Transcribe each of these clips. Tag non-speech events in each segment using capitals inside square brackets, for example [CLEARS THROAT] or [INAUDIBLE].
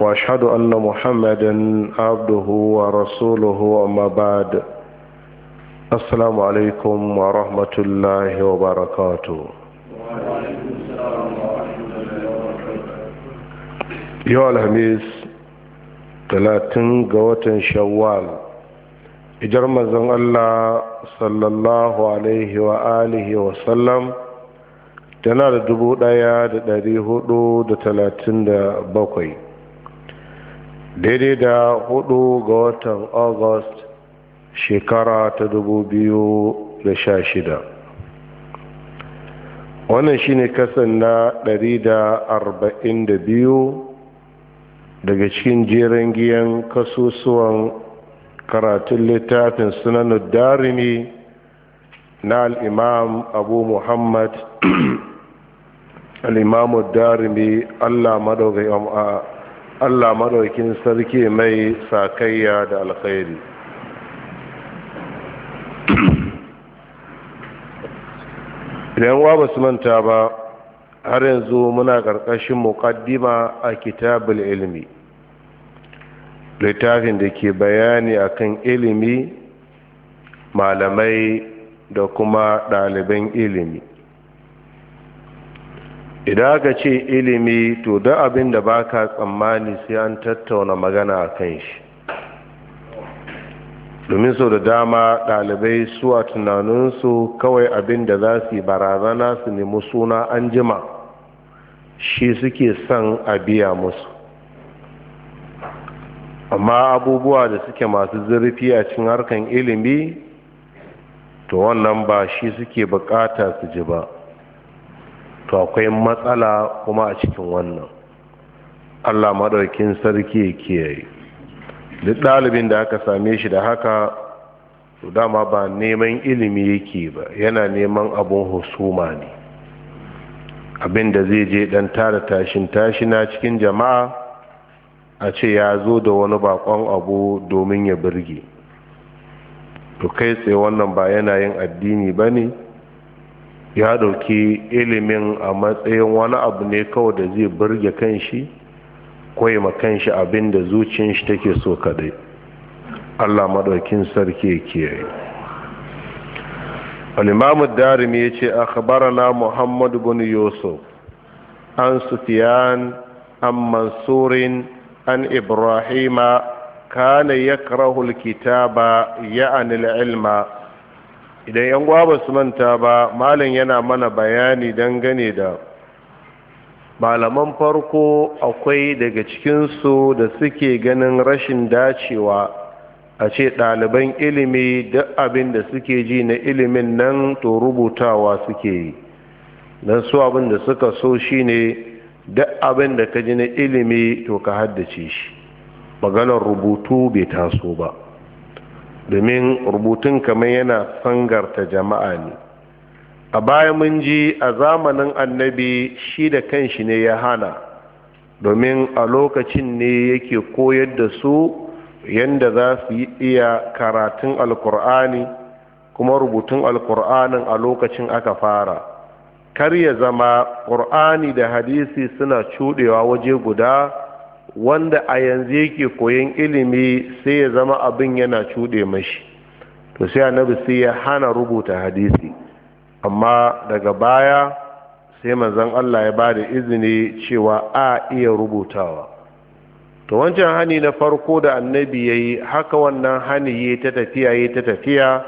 واشهد ان محمدا عبده ورسوله اما بعد السلام عليكم ورحمه الله وبركاته yau alhamis talatin ga watan shawwal ijar mazan allah sallallahu alaihi wa alihi wa sallam tana da dubu ɗaya da dari hudu da talatin da bakwai daidai da hudu ga watan august shekara ta dubu biyu da sha shida wannan shine kasan na ɗari da arba'in da biyu daga cikin jerin giyan kasusuwan karatun littafin sunanar darini na al'imam abu muhammad [CLEARS THROAT] al'imamu darini allah madaugai Allah maɗaukin sarki mai sakayya da alkhairi idan wa basu manta ba har yanzu muna ƙarƙashin muƙaddima a kitabul ilmi littafin da ke bayani akan ilimi malamai da kuma ɗaliban ilimi idan aka ce ilimi to da abin da baka tsammani sai an tattauna magana a kan shi domin sau da dama ɗalibai su a tunaninsu kawai abin da za su yi barazana su nemi suna an jima shi suke son a biya musu amma abubuwa da suke masu zurfi a cikin harkan ilimi to wannan ba shi suke bukata su ji ba to akwai matsala kuma a cikin wannan allah maɗaukin sarki ya kiyaye duk ɗalibin da aka same shi da haka to dama ba neman ilimi yake ba yana neman abun husuma ne abin da zai je dan tara tashin tashina cikin jama'a a ce ya zo da wani bakon abu domin ya birge to kai tsaye wannan ba yana yin addini ba ne ya ɗauki ilimin a matsayin wani abu ne kawai da zai burge kanshi koyi ma kanshi abin da zuciyar shi take so kadai Allah madaukin sarki ya kiyaye al-imamu darimi yace akhbarana muhammad ibn yusuf an sufyan an mansurin an ibrahima kana yakrahu al-kitaba ya'ni al-ilma idan yan ba su manta ba malam yana mana bayani dangane da malaman farko akwai daga cikinsu da suke ganin rashin dacewa a ce ɗaliban ilimi duk abin da suke ji na ilimin nan to rubutawa suke yi don su abin da suka so shine duk abin da ka ji na ilimi to ka haddace shi maganar rubutu bai taso ba domin rubutun kamar yana sangarta jama'a ne a baya mun ji a zamanin annabi shi da kanshi ne ya hana domin a lokacin ne yake koyar da su yadda za su yi iya karatun alkur'ani kuma rubutun alkur'anin a lokacin aka fara kar ya zama ƙur'ani da hadisi suna cuɗewa waje guda wanda a yanzu yake koyon ilimi sai ya zama abin yana cuɗe mashi to sai annabi sai ya hana rubuta hadisi amma daga baya sai manzon Allah ya bada izini cewa a iya rubutawa to wancan hani na farko da annabi ya yi haka wannan hani ya ta tafiya ya ta tafiya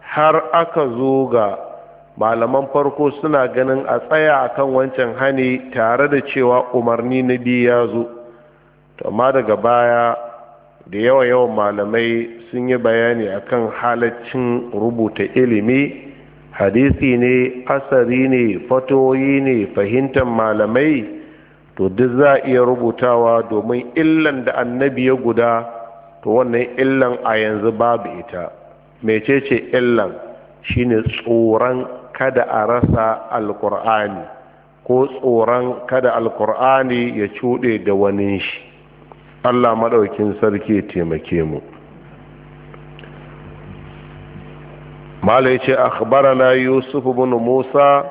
har aka zo ga malaman farko suna ganin a tsaya akan wancan hani tare da cewa umarni na biyu ya zo amma daga baya da yawa yawan malamai sun yi bayani akan halaccin rubuta ilimi hadisi ne asari ne fatoyi ne fahimtar malamai to duk za a iya rubutawa domin illan da annabi ya guda to wannan illan a yanzu babu ita mecece illan shine tsoron kada a rasa alkur'ani ko tsoron kada alkur'ani ya cuɗe da wani shi allah maɗaukin sarki taimake mu malai ce akhbarana yusuf bin musa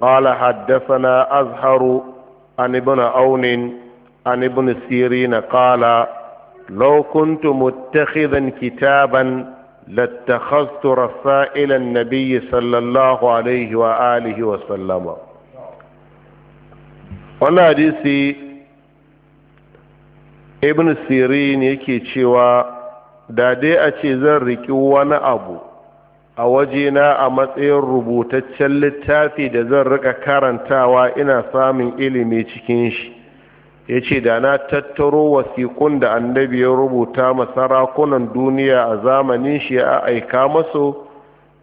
qala haddathana azharu an ibn aunin an ibn sirin qala law kuntu muttakhidan kitaban لاتخذت Nabiyyu النبي صلى wa عليه wa وسلم وانا hadisi. ibn sirin yake cewa da dai a ce zan riƙi wani abu a wajena a matsayin rubutaccen littafi da zan rika karantawa ina samun ilimi cikin shi ya ce da na tattaro wasiƙun da annabi ya rubuta masarakunan duniya a zamanin shi ya aika masu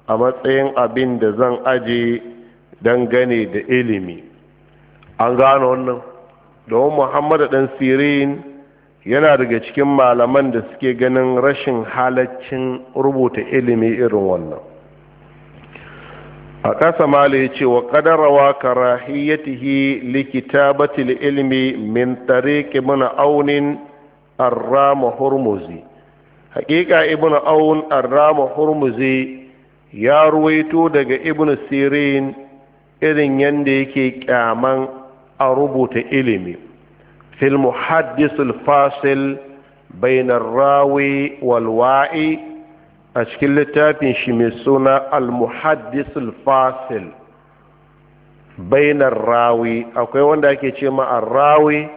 a matsayin abin da zan aje dangane da ilimi an gano wannan domin muhammadu ɗan sirin yana daga cikin malaman da suke ganin rashin halaccin rubuta ilimi irin wannan a ƙasa mala ya ce wa ƙadarawa likita ilimi ilimi min ke muna aunin arrama hurmuzi haƙiƙa ibn aun arrama hurmuzi ya ruwaito daga ibn sirin irin yadda yake kyaman a rubuta ilimi في المحدث الفاصل بين الراوي والوائي أشكل لتافين شميسونا المحدث الفاصل بين الراوي أكوي وندا أكي تشيما الراوي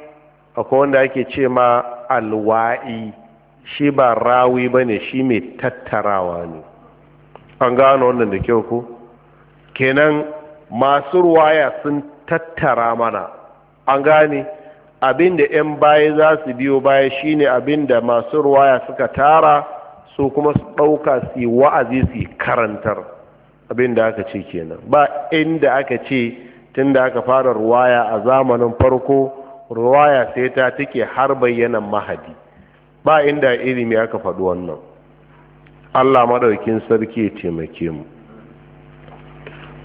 أكوي وندا أكي تشيما الوائي shi ba بني ba تتراواني shi mai نكيوكو كنان ما سروايا سن تترامانا أنغاني Abin da 'yan baya za su biyo baya shine da masu ruwaya suka tara su kuma su ɗauka su wa'azi su karantar Abin da aka ce kenan ba inda aka ce tunda aka fara ruwaya a zamanin farko ruwaya sai ta take har bayyana mahadi ba inda ilimi aka faɗi wannan Allah maɗaukin sarki ya taimake mu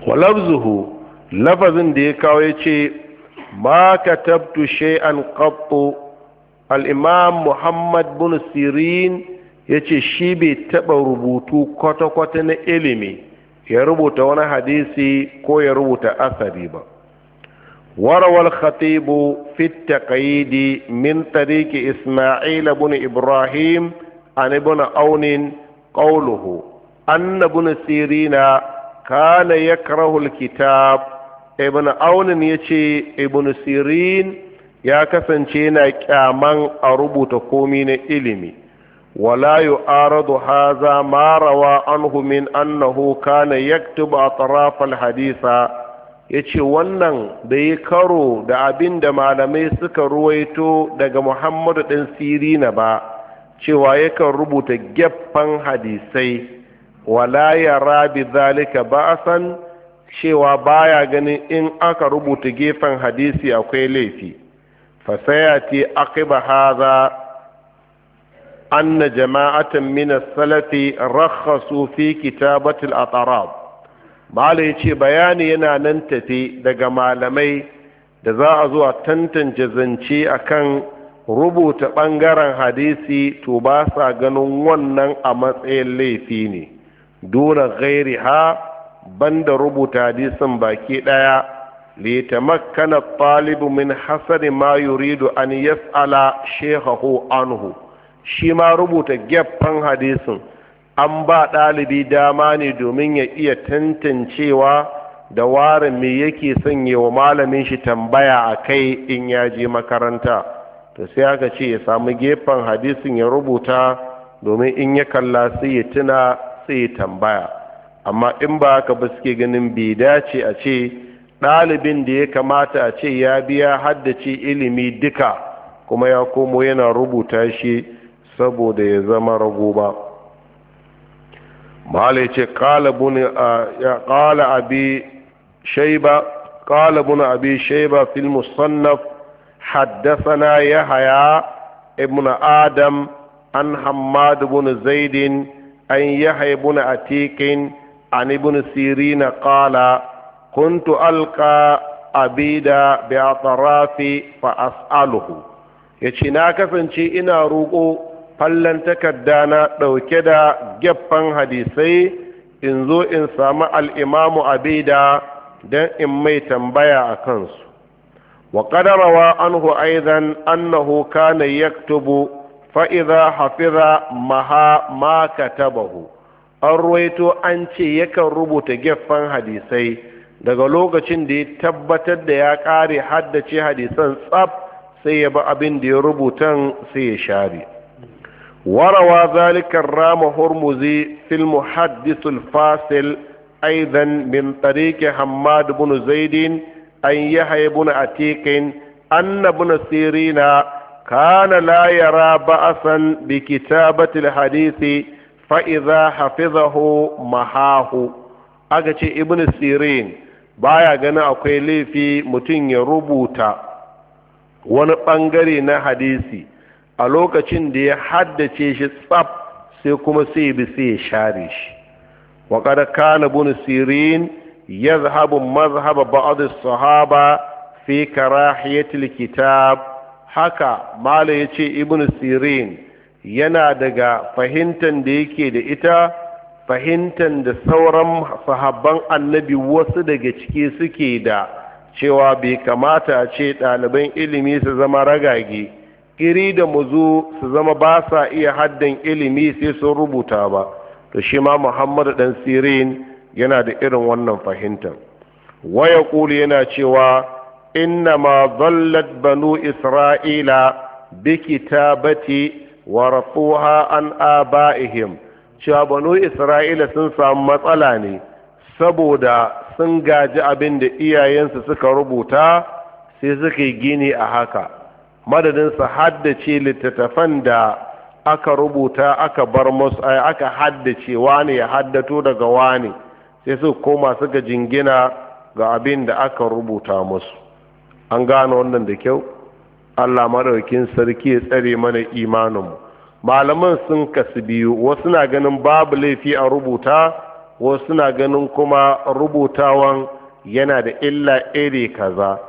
walabzuhu lafazin da ya kawo ya ce ما كتبت شيئا قط الامام محمد بن سيرين يجي شيبي تبا ربوتو كوتا كوتا نيلمي يربوت وانا حديثي كو يربوت اثري با وروى الخطيب في التقييد من طريق اسماعيل بن ابراهيم عن ابن اون قوله ان ابن سيرين كان يكره الكتاب ibn aunin ya ce ibn sirin ya kasance na kyaman a rubuta komi na ilimi wala yu'aradu haza ma rawa anhu min annahu kana yaktubu atraf al-haditha yace wannan da ya karo da abinda malamai suka ruwaito daga Muhammadu ɗan Sirina ba cewa yakan rubuta gefen hadisai wala yara bi zalika ba'san cewa baya ganin in aka rubuta gefen hadisi akwai laifi fasayati aqiba hadha anna jama'atan min as-salafi rakhasu fi kitabati al-atarab malai ce bayani yana nan tafi daga malamai da za a zuwa tantance zance akan rubuta bangaren hadisi to ba sa ganin wannan a matsayin laifi ne dole gairi ha banda rubuta hadisin baki ɗaya litamakkana talibu min hasari ma yuridu an yas'ala shehahu anhu shi ma rubuta gefen hadisin an ba ɗalibi dama ne domin ya iya tantancewa da ware me yake sanya wa malamin shi tambaya a kai in ya je makaranta to sai aka ce ya samu gefen hadisin ya rubuta domin in ya kalla sai ya tuna sai ya tambaya amma in ba haka ba suke ganin bai dace a ce ɗalibin da ya kamata a ce ya biya haddace ilimi duka kuma ya komo yana rubuta shi saboda ya zama rago ba mahala ce ƙala abi shaiba shaiba fil musannaf haddasana ya haya ibn adam an hammad bin zaidin an yahaya buna atikin عن ابن سيرين قال كنت ألقى أبيدا بأطرافي فأسأله يتشناك فانشي إنا روكو فلن تكدانا لو كدا جبا حديثي إن ذو إن سمع الإمام أبيدا دان إمي تنبيا أكنس وقد روى عنه أيضا أنه كان يكتب فإذا حفظ ما ما كتبه an ruwaito an ce yakan rubuta gefen hadisai daga lokacin da ya tabbatar da ya ƙare haddace hadisan tsab sai ya ba abin da ya rubutan sai ya share warawa zalikan rama hormuzi fil muhaddisul fasil aizan min tariki hamad bin zaidin an yi yahya bin atiqin anna bin sirina kana la yara ba'asan bi kitabatil hadisi fa'iza hafizahu mahahu aka ce ibn sirin baya ganin akwai laifi mutum ya rubuta wani ɓangare na hadisi a lokacin da ya haddace shi tsab sai kuma sai bi sai ya share shi wa kana ibn sirin zahabu mazhaba ba'adu sahaba fi karahiyatil kitab haka mala yace ibn sirin yana daga fahimtar da yake da ita fahimtar da sauran sahabban annabi wasu daga ciki suke da cewa bai kamata a ce ɗaliban ilimi su zama ragage iri da muzu su zama ba sa iya haddan ilimi sai sun rubuta ba to shi ma muhammadu ɗan sirin yana da irin wannan fahimtar waya ƙuli yana cewa inna ma zallat banu isra'ila bi kitabati warafuha an aba'ihim cewa banu isra'ila sun samu matsala ne saboda sun gaji abin da iyayensu suka rubuta sai suka yi gini a haka madadin su haddace littattafan da aka rubuta aka bar musu aka haddace wani ya haddato daga wani sai suka koma suka jingina ga abin da aka rubuta musu an gane wannan da kyau Allah maraukin sarki ya tsare mana imaninmu malaman sun kasu biyu wasu na ganin babu laifi a rubuta wasu na ganin kuma rubutawan yana da illa iri kaza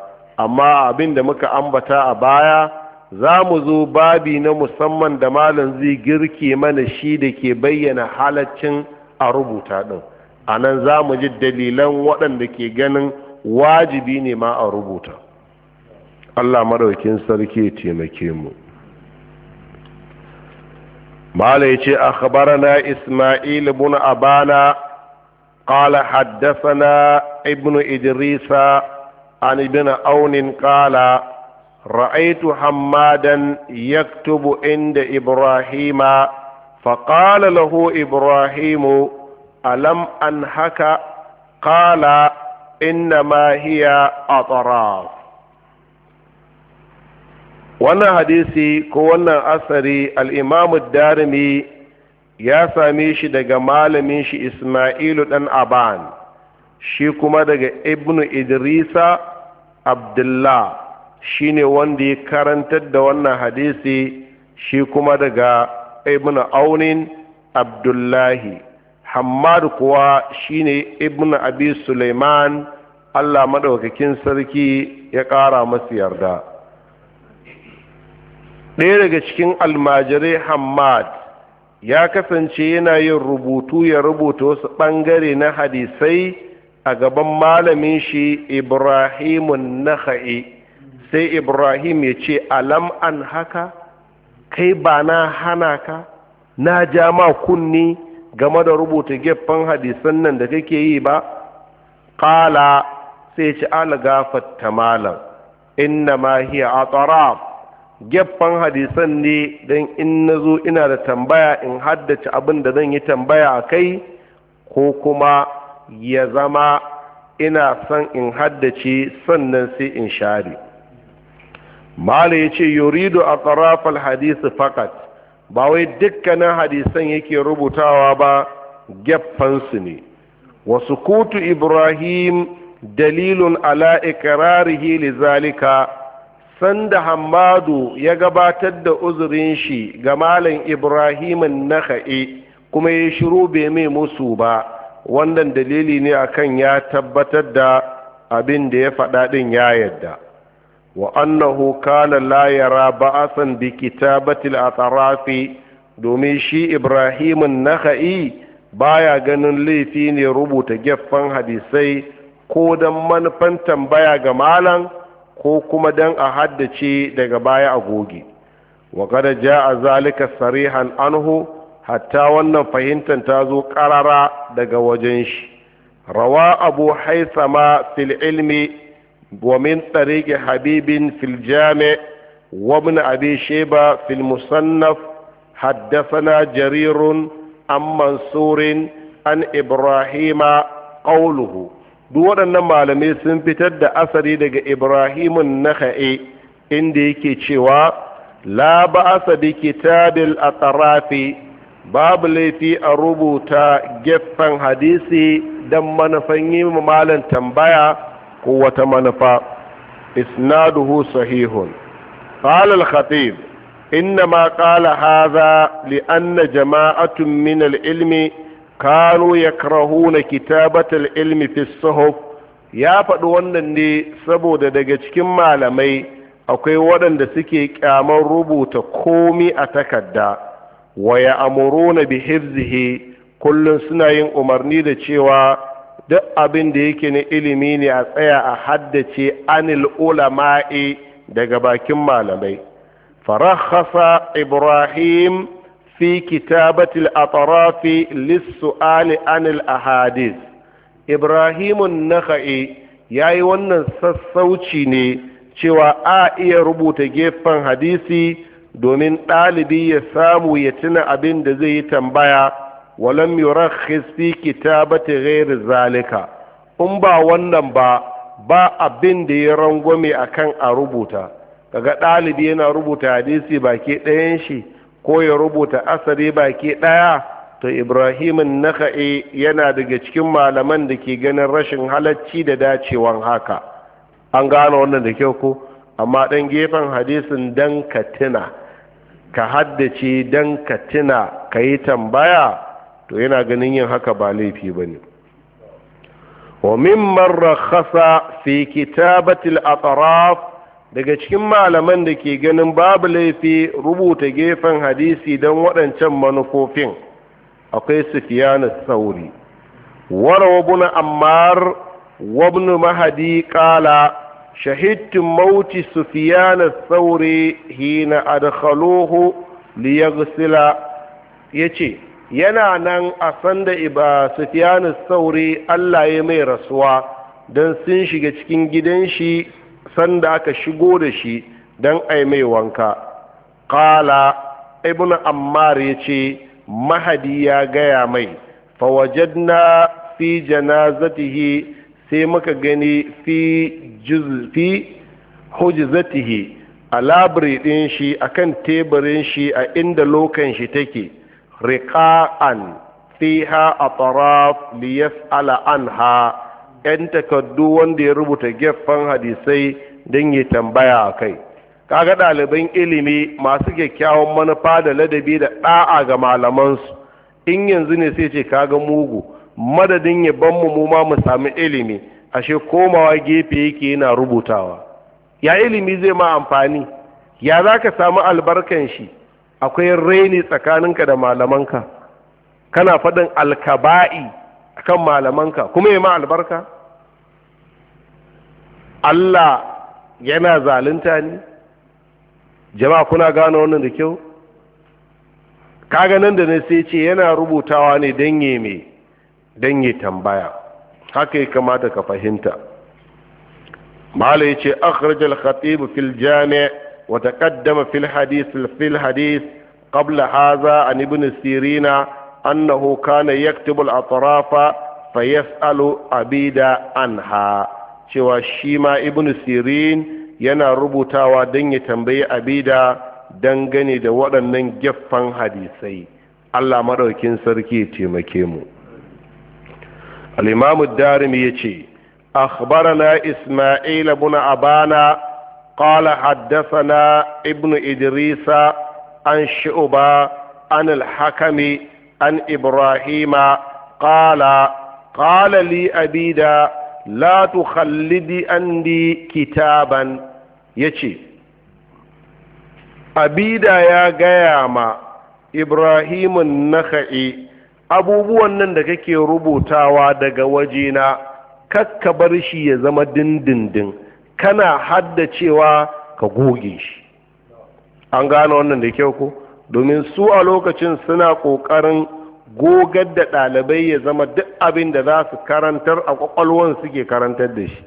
amma abin da muka ambata a baya za mu zo babi na musamman da malam zai girke mana shi da ke bayyana halaccin a rubuta ɗin a nan za mu ji dalilan waɗanda ke ganin wajibi ne ma a rubuta Allah madaukin sarki taimake mu mala a akhbarana isma'il ibn abana qala haddathana ibnu idrisa an ibn aunin qala ra'aytu hammadan yaktubu inda ibrahima فقال lahu ibrahimu ألم أنهك قال إنما هي أطراف wannan hadisi ko wannan asari al'imamu darimi ya same shi daga malamin shi ismailu ɗan aban shi kuma daga ibnu idrisa abdullah shi ne wanda ya karantar da wannan hadisi shi kuma daga ibnu aunin abdullahi hammadu kuwa shi ne ibnu abi suleiman allah maɗaukakin sarki ya ƙara masu yarda ɗaya daga cikin almajirai hamad ya kasance yana yin rubutu ya rubuta wasu ɓangare na hadisai a gaban malamin shi ibrahimun naha'i sai ibrahim ya ce alam an haka kai ba na hana ka na ja ma kunni game da rubuta gefen hadisan nan da kake yi ba ƙala sai ci algafat malam inna ma hiya a geffan hadisan ne don in na zo ina da tambaya in haddace abin da zan yi tambaya a kai ko kuma ya zama ina son in haddace sannan sai in share mala ya ce yurido a ƙarafar hadisi fakat ba wai dukkanin hadisan yake rubutawa ba geffansu ne wasu kutu ibrahim dalilun ala ikirarihi li zalika sanda Hamadu ya gabatar da uzurin shi ga malam ibrahimin Naha'i kuma ya shiru bai mai musu ba wannan dalili ne akan ya tabbatar da abin da ya faɗa ɗin ya yadda wa annahu kana la yara ba'asan bi kitabatil atrafi domin shi ibrahim nakha'i baya ganin laifi ne rubuta gefen hadisai ko don manufan tambaya ga malam ko kuma dan a haddace daga baya a goge wa kada ja a zalika sarihan anhu hatta wannan fahimtar ta zo karara daga wajen shi rawa abu haithama fil ilmi wa min habibin fil jami wa ibn abi sheba fil musannaf حدثنا jarirun an منصور an ibrahima qawluhu duk waɗannan malamai sun fitar da asari daga ibrahimun nakha'i inda yake cewa la ba'asa bi kitabil atrafi babu laifi a rubuta gefen hadisi don manufan yi malam tambaya ko wata manufa isnaduhu sahihun قال الخطيب إنما قال هذا لأن جماعة من العلم kanu ya karahuna kitabatal ilmi fi sahuf ya faɗi wannan ne saboda daga cikin malamai akwai waɗanda suke ƙyamar rubuta komi a takarda waya ya amuruna bi hifzihi kullum suna yin umarni da cewa duk abin da yake na ilimi ne a tsaya a haddace anil ulama'i daga bakin malamai Farahasa ibrahim fi kitabatil atarafi lissu'ali anil ahadis ibrahimun naka'i ya yi wannan sassauci ne cewa a iya rubuta gefen hadisi domin ɗalibi ya samu ya tuna abin da zai yi tambaya walam yurakhis fi kitabati ghairi in ba wannan ba ba abin da ya rangwame akan a rubuta kaga ɗalibi yana rubuta hadisi baki ɗayan shi ko ya rubuta asali baki ɗaya to ibrahimin naka'i yana daga cikin malaman da ke ganin rashin halacci da dacewan haka an gano wannan da kyau ko amma ɗan gefen hadisin dan katina ka haddace dan katina ka yi tambaya to yana ganin yin haka ba laifi ba ne وممن رخص في كتابة الأطراف daga cikin malaman da ke ganin babu laifi rubuta gefen hadisi don waɗancan manufofin akwai sufiyanu sauri warawa buna ammar wabnu mahadi ƙala shahidtun mauti sufiyanu sauri hina adkhaluhu liyagsila ya ce yana nan a sanda iba sufiyanu sauri allah ya mai rasuwa don sun shiga cikin gidan shi sanda aka shigo da shi don ai mai wanka ƙala ibn ammar ya ce mahadi ya gaya mai fawajadna fi janazatihi sai muka gani fi fi hujzatihi a labiri ɗin shi a kan teburin shi a inda lokan shi take riƙa'an fiha a tsaraf liyas anha 'yan takardu wanda ya rubuta gefen hadisai don yi tambaya a kai kaga ɗaliban ilimi masu kyakkyawan manufa da ladabi da ɗa'a ga malamansu in yanzu ne sai ce kaga mugu madadin ya ban mu ma mu sami ilimi ashe komawa gefe yake yana rubutawa ya ilimi zai ma amfani ya za ka samu albarkan shi akwai raini tsakaninka da malamanka kana faɗin alkaba'i kan malamanka kuma ya ma albarka Allah yana zalunta ne jama'a kuna gane wannan da kyau kaga nan da na ce yana rubutawa ne mai don yi tambaya haka ya kamata ka fahimta mala yace ce al khatibu fil jami' wa taqaddama fil hadith fil hadith qabla hadha an ibn sirina annahu kana yaktubu al-atrafa fayas'alu abida anha cewa shi ma ibn sirin yana rubutawa don ya tambayi abida dangane da waɗannan gyaffan hadisai allah maɗaukin sarki ya taimake mu al'imamu darim ya ce أخبرنا إسماعيل بن أبانا قال حدثنا ابن إدريس عن شعبة عن الحكم عن إبراهيم قال قال لي Abida. la tukhallidi andi kitaban yace abida ya gaya ma ibrahimun naka'i abubuwan nan da kake rubutawa daga wajena kakka bar shi ya zama dindindin kana haddacewa ka goge shi an gano wannan da kyau ko domin su a lokacin suna ƙoƙarin gogar da ɗalibai ya zama duk abin da za su karantar a ƙwaƙwalwar suke karantar da shi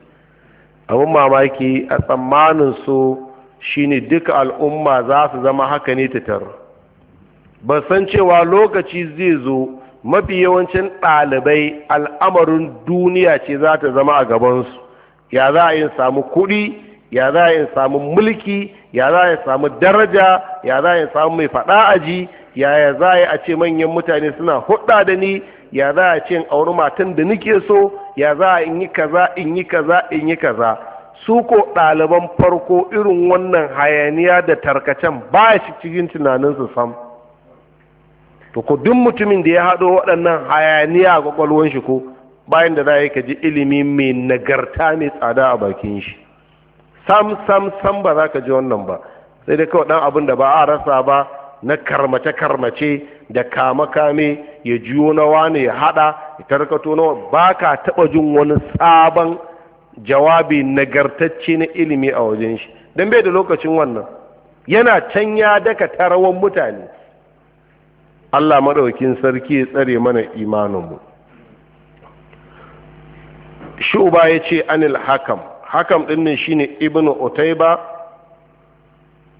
abin mamaki a tsammanin su shine duka al'umma za su zama haka ne tatar. ba san cewa lokaci zai zo mafi yawancin ɗalibai al'amarin duniya ce za ta zama a gabansu ya za a yi samu kuɗi ya za a yi samu mulki ya za a yi samu daraja ya za a yi samu mai faɗa aji yaya za a ce manyan mutane suna hudda da ni ya za a ce in auri matan da nike so ya za a in yi kaza in yi kaza in yi kaza su ko ɗaliban farko irin wannan hayaniya da tarkacen ba ya cikin tunaninsu sam to ko duk mutumin da ya haɗo waɗannan hayaniya a kwakwalwan shi ko bayan da za ka ji ilimi mai nagarta mai tsada a bakin shi sam sam sam ba za ka ji wannan ba sai dai kawai dan abin da ba a rasa ba na karmace-karmace da kame-kame ya juyo na wane ya hada ya tarkato na ba ka taba jin wani sabon jawabi nagartacce na ilimi a wajen shi don bai da lokacin wannan yana can ya daga tarawan mutane allah maɗaukin sarki ya tsare mana imaninmu shuba ya ce anil hakam hakam ɗin ne shine ibnu utaiba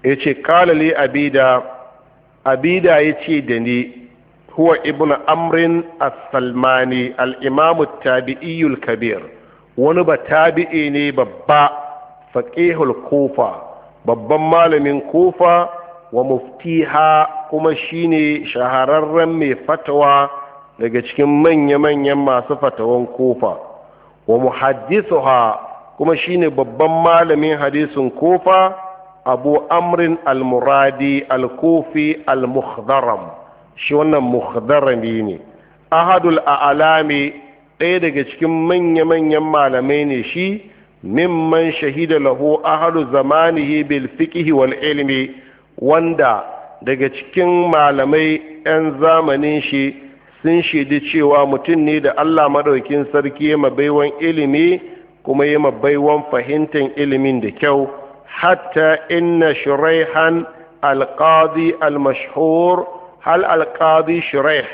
ya ce kalali abida abida ya ce da ni huwa ibn amrin as-salmani al-imamu tabi'iyul kabir wani ba tabi'i ne babba faqihul kufa babban malamin kufa wa muftiha kuma shine shahararren mai fatawa daga cikin manya-manyan masu fatawan kofa, wa muhaddisuha kuma shine babban malamin hadisin kofa. abu amrin al-muradi al-kufi al-mukhdaram shi wannan mukhdaram ne ahadul a'alami ɗaya daga cikin manya-manyan malamai ne shi mimman shahida lahu ahadu zamanihi bil fiqhi wal ilmi wanda daga cikin malamai 'yan zamanin shi sun shaidi cewa mutum ne da Allah madaukin sarki ya mabaiwan ilimi kuma ya mabaiwan fahimtar ilimin da kyau hatta inna shuraihan alqadi almashhur hal alqadi shuraih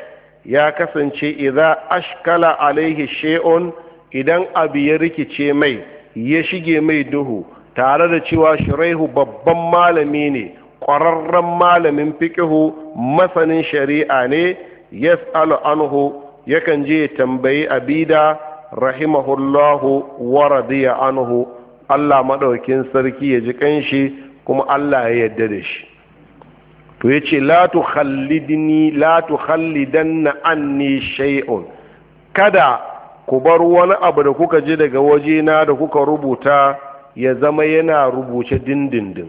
ya kasance idza ashkala alaihi shay'un idan abu ya rikice mai ya shige mai duhu tare da cewa shuraihu babban malami ne ƙwararren malamin fiƙihu masanin shari'a ne yas'alu anhu yakan je ya tambayi abida rahimahullahu wa radiya anhu Allah maɗaukin sarki ya ji kanshi kuma Allah ya yarda da shi to ya ce la tu khallidni la tu khallidanna anni shay'un kada ku bar wani abu da kuka ji daga wajena da kuka rubuta ya zama yana rubuce dindindin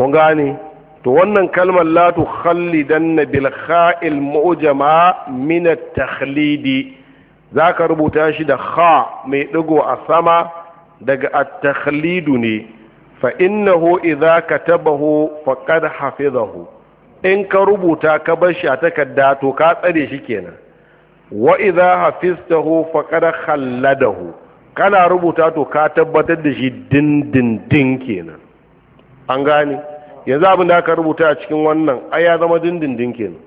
kun gane to wannan kalmar la tu khallidanna bil kha'il mu'jama min at-takhlidi zaka rubuta shi da kha mai digo a sama daga at-takhlidu ne fa innahu idza katabahu faqad hafizahu in ka rubuta ka bar shi a takarda to ka tsare shi kenan wa idza hafiztahu faqad khalladahu kana rubuta to ka tabbatar da shi dindindin kenan an gane yanzu abin da ka rubuta a cikin wannan ai ya zama dindindin kenan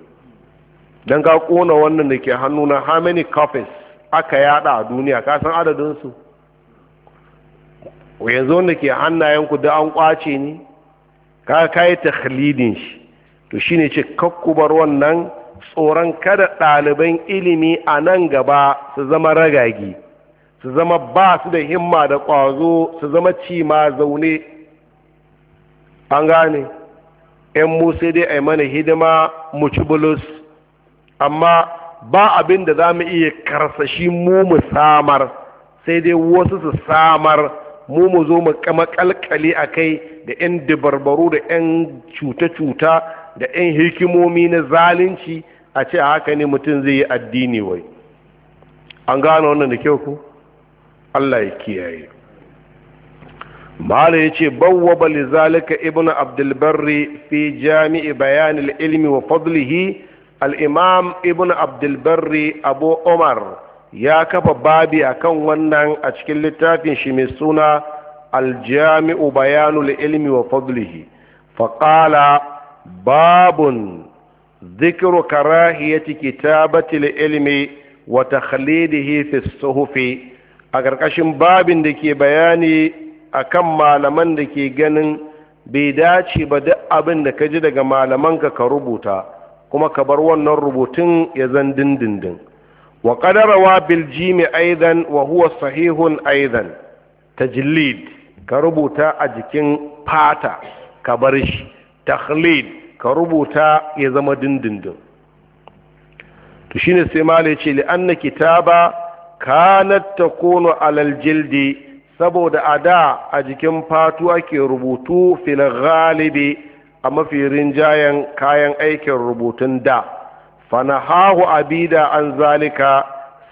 dan ka kona wannan da ke hannuna how many copies aka yada a duniya ka san adadin su yanzu wanda ke hannayenku da an kwace ni ka kai takhlidin shi to shine ce kakkubar wannan tsoron kada ɗaliban ilimi a nan gaba su zama ragagi su zama ba su da himma da ƙwazo su zama cima zaune an gane 'yan musa dai a mana hidima mucibulus amma ba abin da za mu iya karsashi mu mu samar sai dai wasu su samar mu mu zo mu kalkale a kai da 'yan dabarbaru da 'yan cuta-cuta da 'yan hikimomi na zalunci a ce haka ne mutum zai yi addini wai an gano wannan da kyau ku allah ya kiyaye mala ya ce bawwaba bali zalika ibn abdulbarri fi jami'i bayanin ilmi wa fadlihi Al'imam imam ibn abdulbarri abu umar ya kafa babi akan wannan a cikin littafin shi mai suna aljami'u bayanul ilmi wa fadlihi faƙala babun zikiru karahiyati kitabatil ilmi wa takhlidihi fi suhufi a ƙarƙashin babin da ke bayani akan malaman da ke ganin bai dace ba duk abin da ka ji daga malamanka ka rubuta kuma ka bar wannan rubutun ya zan dindindin wa qadarawa bil jimi aidan wa huwa sahihun aidan tajlid ka rubuta a jikin fata ka bar shi takhlid ka rubuta ya zama dindindin to shine sai malai ce li anna kitaba kanat takunu alal jildi saboda a da a jikin fatu ke rubutu fil ghalibi a mafi rinjayen kayan aikin rubutun da fanahahu abida an zalika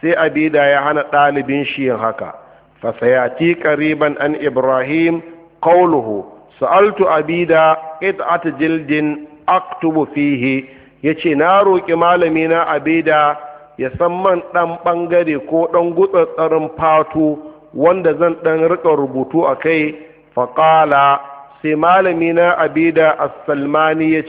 sai abida ya hana ɗalibin shi yin haka fasayati kariban an ibrahim qawluhu sa'altu abida qit'at jildin aktubu fihi yace na roki malami na abida ya san man ɗan ɓangare ko ɗan gutsatsarin fatu wanda zan ɗan rika rubutu a kai faƙala sai malami na abida as-salmani ya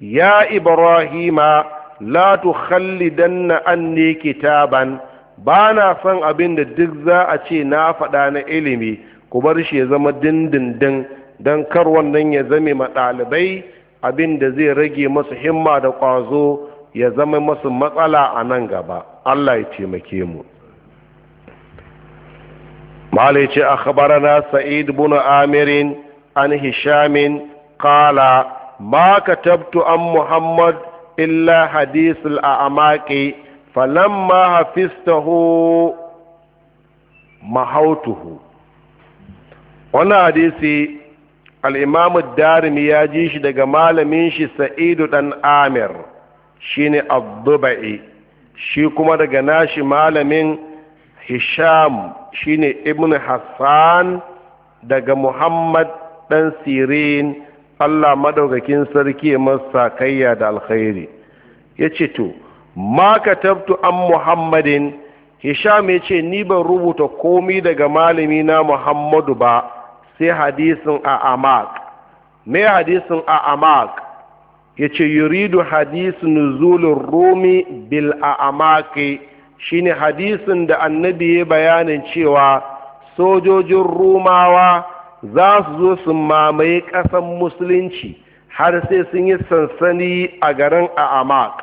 ya ibrahima la tukhallidanna anni kitaban ba na son abin da duk za a ce na faɗa na ilimi ku bar shi ya zama dindindin don kar wannan ya zame ma ɗalibai abin da zai rage masu himma da ƙwazo ya zama masu matsala a nan gaba allah ya taimake mu malai ce a khabarana sa'id bin amirin an hishamin kala ma katabtu an muhammad illa hadisul a'amaqi falamma hafistahu mahautuhu Wani hadisi al'imamu darimi ya ji shi daga malamin shi sa'idu ɗan amir shi ne abduba'i shi kuma daga nashi malamin hisham shi ne ibn hassan daga muhammad ɗan sirin Allah madaukakin sarki ya masa kayya da alkhairi ya ce to ma katabtu an muhammadin hisham ya ce ni ban rubuta komi daga malami na muhammadu ba sai hadisin a amak me hadisin a amak ya ce yuridu hadisin nuzulun rumi bil a amaki shine hadisin da annabi ya bayanin cewa sojojin rumawa za su zo su mamaye ƙasan musulunci har sai sun yi sansani a garin amak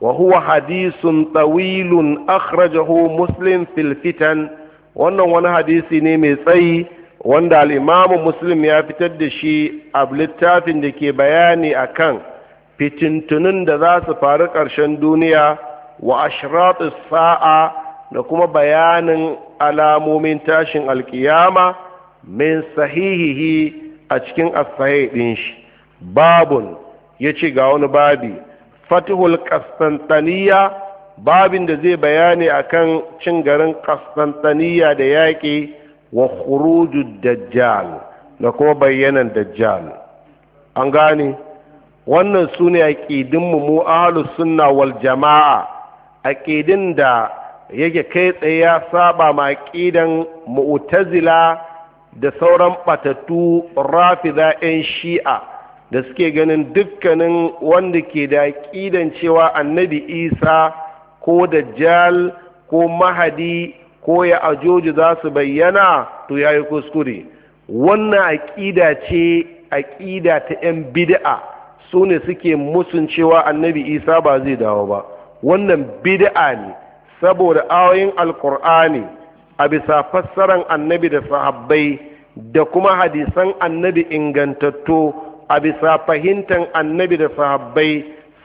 wa huwa hadisun tsawilun akhrajahu muslim fil fitan wannan wani hadisi ne mai tsayi wanda al'imamu muslim ya fitar da shi a littafin da ke bayani a kan fitintunin da za su faru ƙarshen duniya wa ashirar sa'a da kuma bayanin alamomin tashin alkiyama min sahihihi a cikin asahi ɗin shi babun ya ce ga wani babi fatihul kastantaniya babin da zai bayani a kan cin garin kastantaniya da yaƙi wa khuruju dajjal da kuma bayyanan dajjal an gane wannan su ne aƙidinmu mu ahalu sunna wal jama'a aƙidin da yake kai tsaye ya saba ma aƙidan mu'tazila da sauran batattu rafiza 'yan shi'a da suke ganin dukkanin wanda ke da ƙidan cewa annabi isa ko dajjal ko mahadi ko ya ajoji za su bayyana to ya yi kuskure wannan ƙida ce aƙida ta 'yan bid'a su ne suke musun cewa annabi isa ba zai dawo ba wannan bid'a ne saboda ayoyin alkur'ani a bisa fassaran annabi da sahabbai da kuma hadisan annabi ingantattu a bisa fahimtar annabi da sahabbai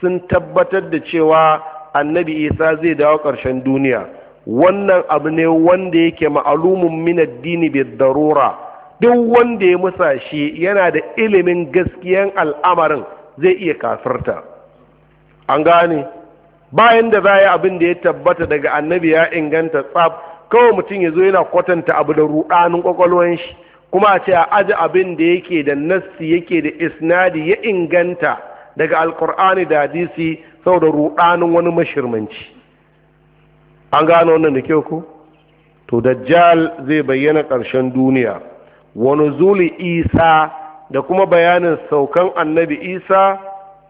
sun tabbatar da cewa annabi isa zai dawo ƙarshen duniya wannan abu ne wanda yake ma'alumin min addini bi darura duk wanda ya musa shi yana da ilimin gaskiyan al'amarin zai iya kafirta an gane bayan da za yi abin da ya tabbata daga annabi ya inganta tsab kawai mutum ya zo yana kwatanta abu da rudanin kwakwalwan shi kuma a ce a aji abin da yake da nassi yake da isnadi ya inganta daga alkur'ani da hadisi saboda rudanin wani mashirmanci an gano wannan da kyau ko to dajjal zai bayyana ƙarshen duniya wani zuli isa da kuma bayanin saukan annabi isa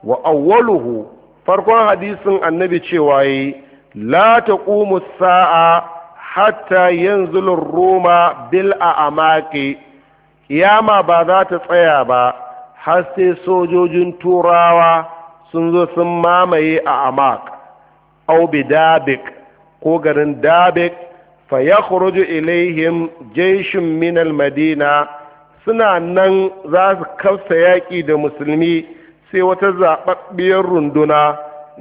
wa awwaluhu farkon hadisin annabi cewa yi la taqumu sa'a hatta yanzulur roma bil a amaki kiyama ba za ta tsaya ba har sai sojojin turawa sun zo sun mamaye a amak au bi dabik ko garin dabik fa ya ilaihim jaishin minal madina suna nan za su kafsa yaƙi da musulmi sai wata zaɓaɓɓiyar runduna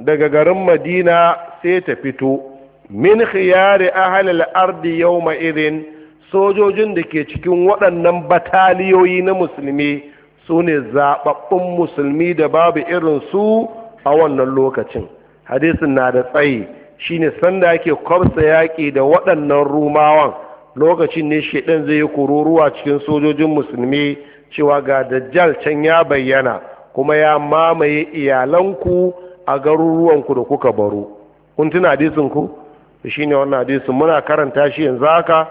daga garin madina sai ta fito min khiyari ahalil ardi yawma idin sojojin da ke cikin waɗannan bataliyoyi na musulmi su ne zaɓaɓɓun musulmi da babu irin su a wannan lokacin hadisin na da tsayi shine sanda ake kwabsa yaƙi da waɗannan rumawan lokacin ne shaɗan zai yi kururuwa cikin sojojin musulmi cewa ga dajjal can ya bayyana kuma ya mamaye iyalanku a garuruwanku da kuka baro kun tuna hadisin ku shi ne wannan hadisi muna karanta shi yanzu haka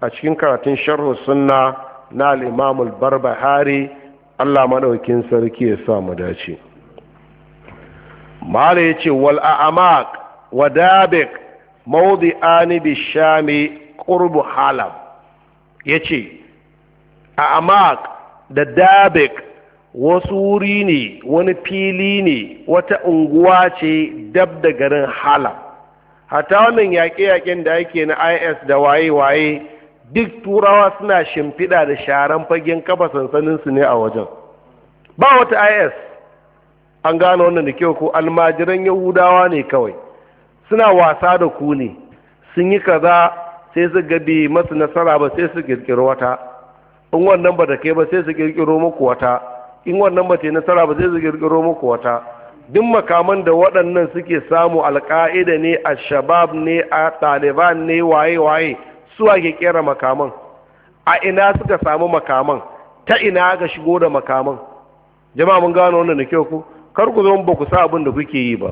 a cikin karatun sharhu sunna na al'imamul barbahari allah maɗaukin sarki ya sa mu dace mala ya ce wal a'amaq wa dabik maudi bi shami qurbu halab yace ce a'amaq da dabiq wasu wuri ne wani fili ne wata unguwa ce dab da garin halab hatta wannan yaƙe-yaƙen da ake na is da waye-waye duk turawa suna shimfiɗa da sharan fagen kafa sansaninsu ne a wajen ba wata is an gane wannan da kyau ko almajiran yahudawa ne kawai suna wasa da ku ne sun yi kaza sai su gabi masu nasara ba sai su kirkiro wata in wannan ba ta kai ba sai su kirkiro muku wata in wannan ba ta yi nasara ba sai su kirkiro muku wata duk makaman da waɗannan suke samu alƙa'ida ne a shabab ne a ɗaliban ne waye-waye su ake ƙera makaman a ina suka samu makaman ta ina aka shigo da makaman jama'a mun gano wannan da kyau ku kar ku zo ba ku sa abin da kuke yi ba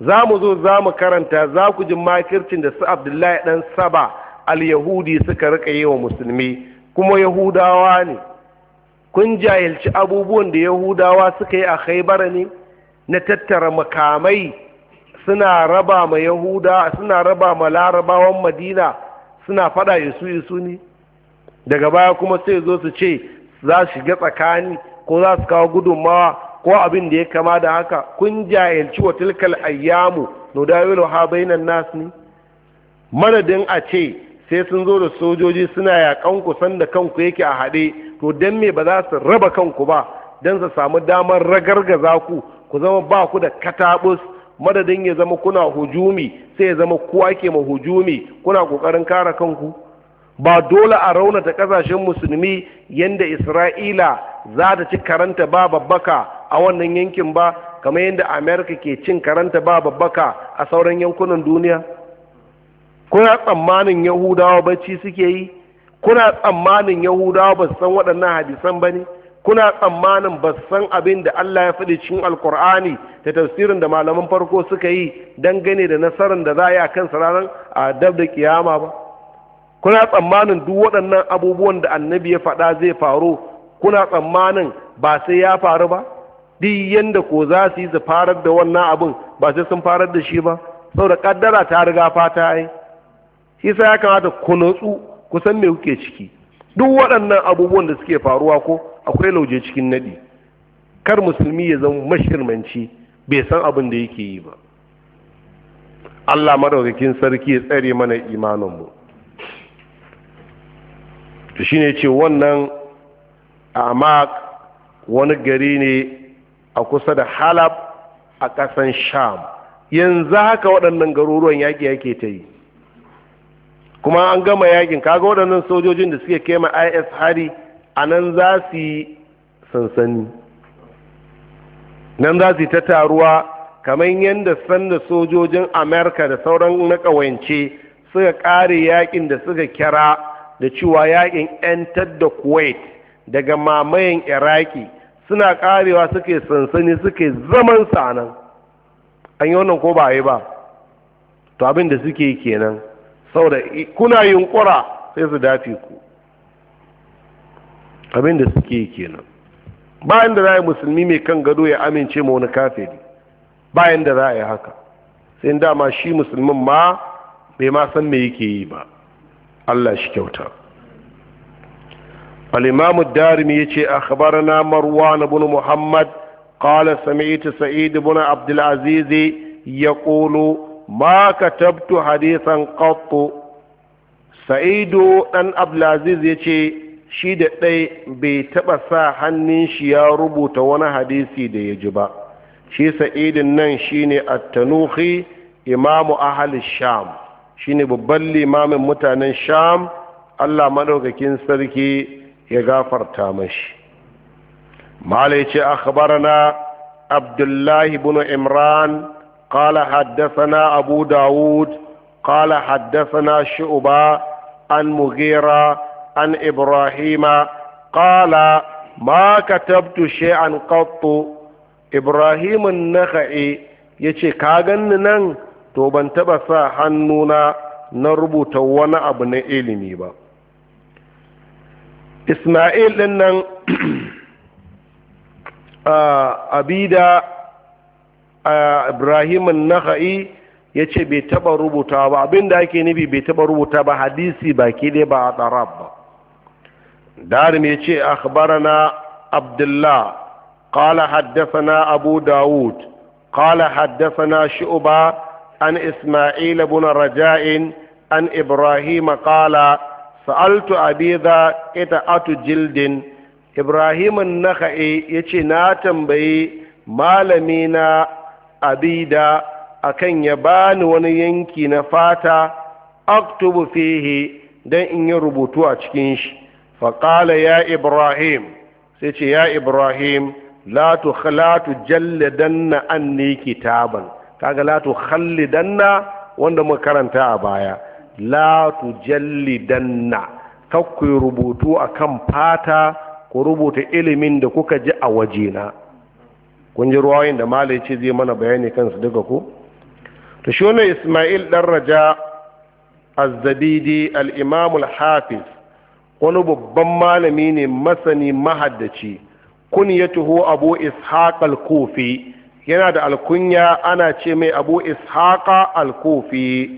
za mu zo za mu karanta za ku ji makircin da su abdullahi dan saba al-yahudi suka rika yi wa musulmi kuma yahudawa ne kun jahilci abubuwan da yahudawa suka yi a khaibara ne na tattara makamai suna raba ma yahuda suna raba ma larabawan madina suna fada yasu yasu ne daga baya kuma sai zo su ce za su shiga tsakani ko za su kawo gudunmawa ko abin da ya kama da haka kun jahilci wa tilkal ayyamu no da yalo ha bainan nas ne madadin a ce sai sun zo da sojoji suna yaƙan ku da kanku yake a haɗe to dan me ba za su raba kanku ba dan su samu damar ragargaza ku ku zama ba ku da katabus madadin ya zama kuna hujumi sai ya zama kowa ke ma hujumi kuna kokarin kare kanku ba dole a raunata kasashen musulmi yadda isra'ila za ta ci karanta ba babbaka a wannan yankin ba kamar yadda amerika ke cin karanta ba babbaka a sauran yankunan duniya kuna tsammanin yahudawa bacci suke yi kuna tsammanin yahudawa ba su san waɗannan hadisan ba ne kuna tsammanin ba san abin da Allah ya faɗi cikin alkur'ani da tafsirin da malaman farko suka yi dangane da nasarar da za a yi a kan ranar a dab da kiyama ba kuna tsammanin duk waɗannan abubuwan da annabi ya faɗa zai faru kuna tsammanin ba sai ya faru ba duk yanda ko za su yi su farar da wannan abin ba sai sun farar da shi ba saboda kaddara ta riga fata yi shi sa ya kamata ku nutsu ku san me kuke ciki duk waɗannan abubuwan da suke faruwa ko akwai lauje cikin nadi kar musulmi ya zama mashirmanci bai san abin da yake yi ba Allah madaukakin sarki ya tsare mana imaninmu to shine ce wannan amak wani gari ne a kusa da halab a ƙasan sham yanzu haka waɗannan garuruwan yaƙi yake ta yi kuma an gama yakin kaga waɗannan sojojin da suke kema is hari anan nan za su yi sansani nan za su yi ta taruwa kamar yadda sanda sojojin amerika da sauran na ƙawance suka ƙare yakin da suka kira da cewa yakin 'yantar da kuwait daga mamayen iraki suna ƙarewa suke sansani suke zaman sanan an yi wannan ko ba yi ba to abin da suke kenan saboda kuna yunkura sai su dafi ku abin da suke yi kenan bayan da za a yi musulmi mai kan gado ya amince ma wani kafiri bayan da za a yi haka sai dama shi musulmin ma bai ma san me yake yi ba Allah shi kyauta al ce a darimi na marwa na ibn muhammad qala sami'tu sa'id ibn abd al-aziz yaqulu ma katabtu hadithan qattu dan abd al yace shi da ɗai bai taɓa sa hannun shi ya rubuta wani hadisi da ya ji ba shi sa'idin nan shine attanuhi imamu ahal sham Shi ne babban limamin mutanen sham allah maɗaukakin sarki ya gafarta mashi malai ce akhbarana abdullahi bin imran قال حدثنا abu dawud قال حدثنا شعبة an مغيرة عن إبراهيم قال ما كتبت شيئا قط إبراهيم النخعي yace ka ganni nan to ban taɓa sa hannuna na rubuta wani abu na ilimi ba isma'il ɗin nan abida ibrahim naha'i ya ce bai taɓa rubuta ba abinda ake nufi bai taɓa rubuta ba hadisi baki ba a ɗarab ba darim ya ce akhbarana abdullah qala haddathana abu dawud qala haddathana shu'ba an isma'il ibn an ibrahim qala sa'altu abi dha qita'atu jildin ibrahim an-nakhai yace na tambayi malami na abida akan ya bani wani yanki na fata aktubu fihi dan in yi rubutu a cikin shi faƙala ya ibrahim sai ce ya ibrahim la tu jalladanna anni kitaban kaga latu tu khallidanna wanda muka karanta a baya la tu jallidanna kakku rubutu kan fata ku rubuta ilimin da kuka ji a wajena kun ji ruwayoyin da malai ce zai mana bayani kansu duka ku to shi ismail ɗan raja azzabidi zabidi al-imam hafiz wani babban malami ne masani mahaddaci kunyatuhu abu ishaq al-kufi yana da alkunya ana ce mai abu ishaq al-kufi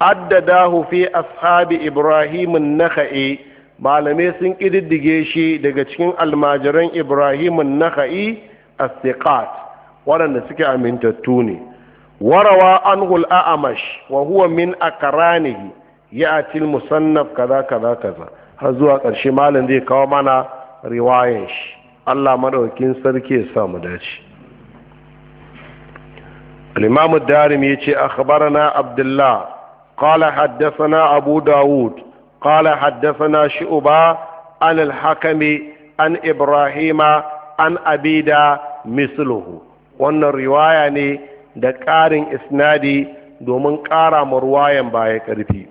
addadahu fi ashabi ibrahim an-nakhai malamai sun kididdige shi daga cikin almajiran ibrahim an-nakhai as-siqat waɗanda suke amintattu ne warawa anhu al-a'mash wa huwa min akranihi ya'ti al-musannaf kaza kaza kaza har zuwa ƙarshe malam zai kawo mana riwayan shi Allah madaukakin sarki ya sa mu dace al-imam ad-darimi yace akhbarana abdullah qala haddathana abu daud qala haddathana shu'ba an al-hakami an ibrahima an abida misluhu wannan riwaya ne da ƙarin isnadi domin ƙara ma ruwayan baya ƙarfi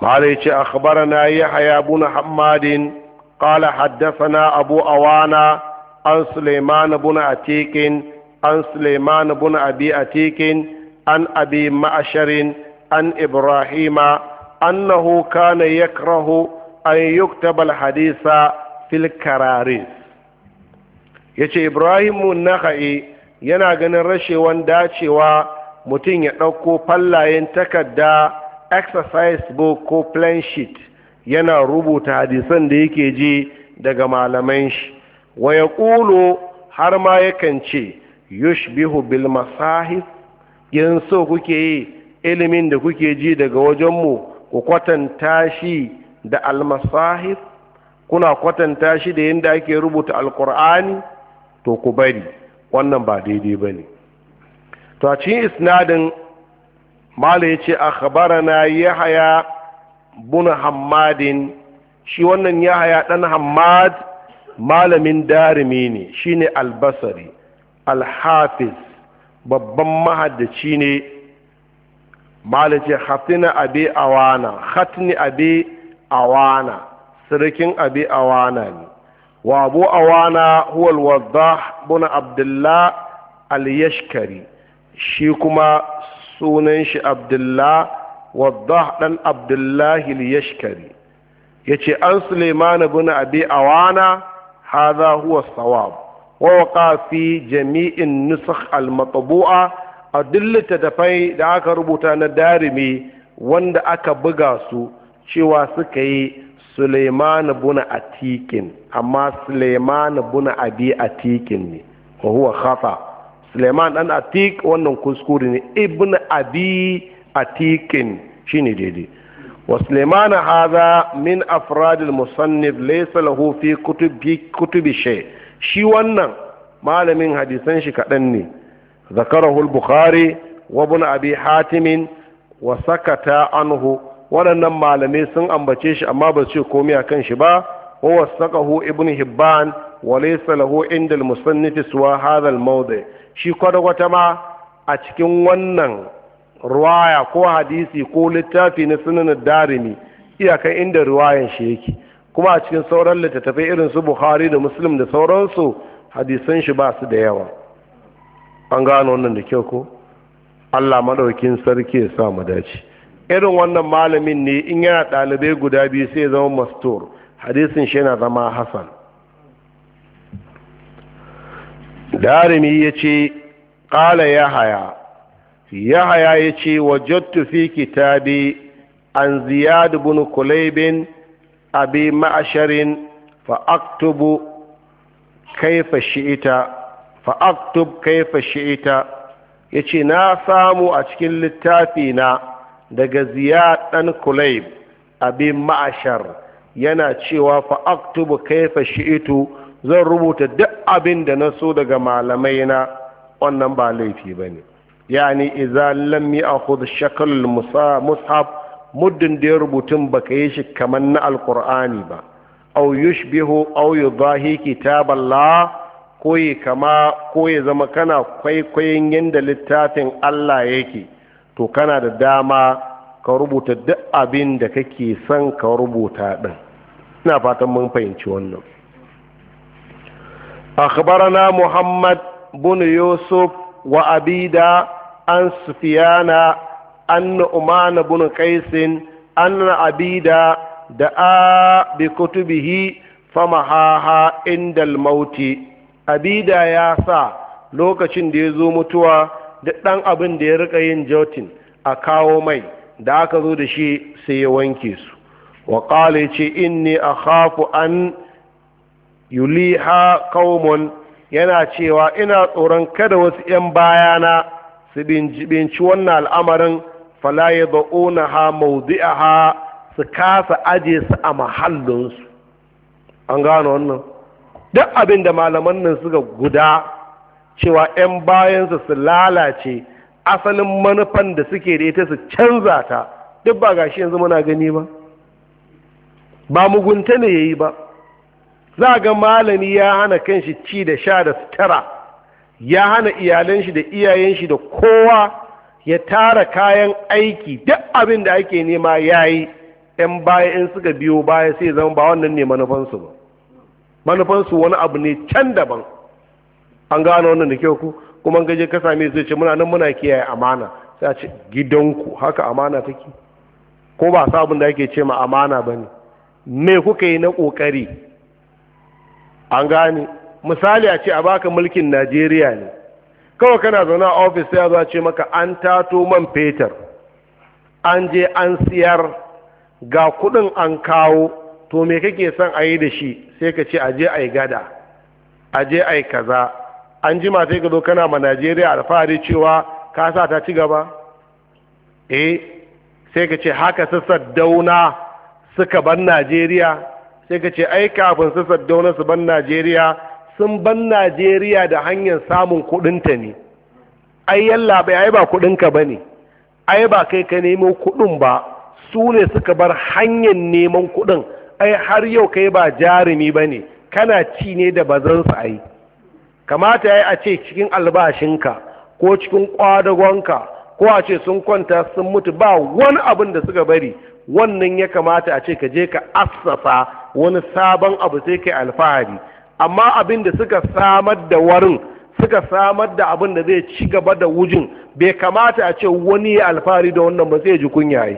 malai ce akhbarana yahya ibn hammadin qala haddathana abu awana an sulaiman ibn atikin an sulaiman ibn abi atikin an abi ma'asharin an ibrahima annahu kana yakrahu an yuktaba alhadisa fil kararis yace ibrahimu nakhai yana ganin rashewan dacewa mutum ya ɗauko fallayen takarda exercise book ko plan sheet yana rubuta hadisan da yake je daga malaman shi wa ya ƙulo har ma yakan ce yushbihu bil masahif so kuke yi ilimin da kuke ji daga wajenmu ku kwatanta shi da almasahif kuna kwatanta shi da yadda ake rubuta alkur'ani to ku bari wannan ba daidai ba ne to a cikin isnadin mala ya ce akhbarana yahya bin hammadin shi wannan yahya dan hammad malamin darimi ne shine albasari alhafiz babban mahaddaci ne mala ce hatina abi awana hatni abi awana sirikin abi awana ne wa abu awana huwa alwaddah bin abdullah al-yashkari shi kuma sunan shi abdullah wadda dan abdullahi liyashkari ya ce an suleiman bin abi awana hadha huwa sawab wa waqa fi jami'in nusakh al-matbu'a a duk littattafai da aka rubuta na darimi wanda aka buga su cewa suka yi suleiman bin atikin amma suleiman bin abi atikin ne wa huwa khata' suleiman ɗan atik wannan kuskure ne ibn abi atikin shine daidai wa suleiman hadha min afrad musannif laysa lahu fi kutubi shay shi wannan malamin hadisan shi kadan ne zakarahu bukhari wa ibn abi hatim wa sakata anhu waɗannan malamai sun ambace shi amma ba su ce komai kan shi ba wa sakahu ibn hibban wa inda al-musannif suwa shi ma a cikin wannan ruwaya ko hadisi ko littafi na sunan darimi iyakan inda ruwayan shi yake kuma a cikin sauran littattafai irin su bukhari da muslim da sauransu hadisan shi ba su da yawa an gano wannan da kyau ko allah maɗaukin sarki ya sa mu dace irin wannan malamin ne in yana ɗalibai guda biyu sai zama mastur hadisin shi yana zama hasan darimi ya ce ƙala ya haya ya haya ya ce wajattu fi kitabi an ziyad bin kulaibin abi ma'asharin fa'aktubu kaifa shi'ita fa'aktub kaifa shi'ita ya ce na samu a cikin littafi na daga ziyad ɗan kulaib abi ma'ashar yana cewa fa'aktubu kaifa shi'itu zan rubuta duk abin da na so daga malamai na wannan ba laifi ba ne yani iza lam hudu shakal mushaf muddin da ya rubutun baka yi shi kamar na alkur'ani ba aw yushbihu aw yudahi kitaballah ko ya kama ko ya zama kana kwaikwayon yadda littafin Allah yake to kana da dama ka rubuta duk abin da kake son ka rubuta ɗin. ina fatan mun fahimci wannan أخبرنا محمد بن يوسف وأبيدا عن سفيان أن أمان بن قيس أن أبيدا دعا بكتبه فمحاها عند الموت أبيدا يا سا lokacin da ya zo mutuwa da ɗan abin da ya rika yin jotin a kawo mai da aka zo da shi sai ya wanke su wa ƙala ce inni a khafu an yuliha qaumun yana cewa ina tsoron kada wasu 'yan bayana su binci wannan al'amarin fala ya za'una ha maudi'aha su kasa aje su a mahallinsu an gano wannan duk abin da malaman nan suka guda cewa 'yan bayansu su lalace asalin manufan da suke da ita su canza ta duk ba gashi yanzu muna gani ba ba mugunta ne ya yi ba za ga malami ya hana kanshi ci da sha da sutura ya hana iyalan shi da iyayen shi da kowa ya tara kayan aiki duk abin da ake nema ya yi, yan baya in suka biyo baya sai zama ba wannan ne manufansu ba manufansu wani abu ne can daban an gano wannan da kyau ku kuma gaje ka same zai ce muna nan muna kiyaye amana sai a ce gidanku haka amana take ko ba sabon da ake ce ma amana ne? me kuka yi na kokari an gane misali a ce a baka mulkin najeriya ne kawai kana zaune a ofis sai za ce maka an tato man fetur an je an siyar ga kudin an kawo to me kake son a yi da shi sai ka ce je a yi gada je a yi kaza an jima sai ka zo kana ma najeriya alfahari cewa ka sa ta ci gaba eh sai ka ce haka sassa dauna suka bar najeriya sai ka ce ai kafin su saddauna su ban najeriya sun ban najeriya da hanyar samun kudinta ne ai yalla bai ai ba kudinka ba ne ai ba kai ka nemo kudin ba su ne suka bar hanyar neman kudin ai har yau kai ba jarumi ba ne kana ci ne da bazansu ai kamata ya a ce cikin albashinka ko cikin kwadagonka ko a ce sun kwanta sun mutu ba wani abin da suka bari wannan ya kamata a ce ka je ka assasa wani sabon abu sai kai alfahari amma abin da suka samar da warin suka samar da abin da zai ci gaba da wujin bai kamata a ce wani ya alfahari da wannan ba sai ji kunya yi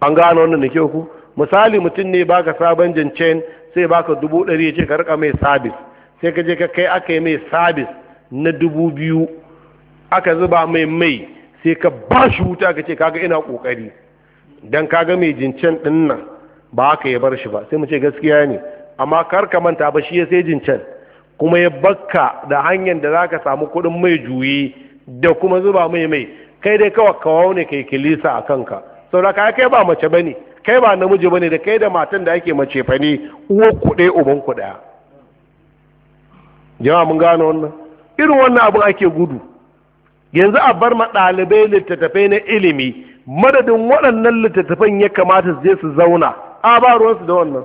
an gano wannan da ke ku misali mutum ne baka sabon jancen sai baka dubu ɗari ya ce ka rika mai sabis sai ka je ka kai aka yi mai sabis na dubu biyu aka zuba mai mai sai ka ba shi wuta ka ce kaga ina kokari dan kaga mai jincen ɗin nan ba haka ya bar shi ba sai mu ce gaskiya ne amma kar ka manta ba shi ya sai jincan kuma ya bakka da hanyar da za ka samu kuɗin mai juyi da kuma zuba mai mai kai dai kawai kawo ne kai kilisa a kanka saboda da kai ba mace bane kai ba namiji bane da kai da matan da ake mace fa ne uwa kuɗe uban kuɗa jama'a mun gano wannan irin wannan abin ake gudu yanzu a bar ma ɗalibai littattafai na ilimi madadin waɗannan littattafan ya kamata su je su zauna a ba su da wannan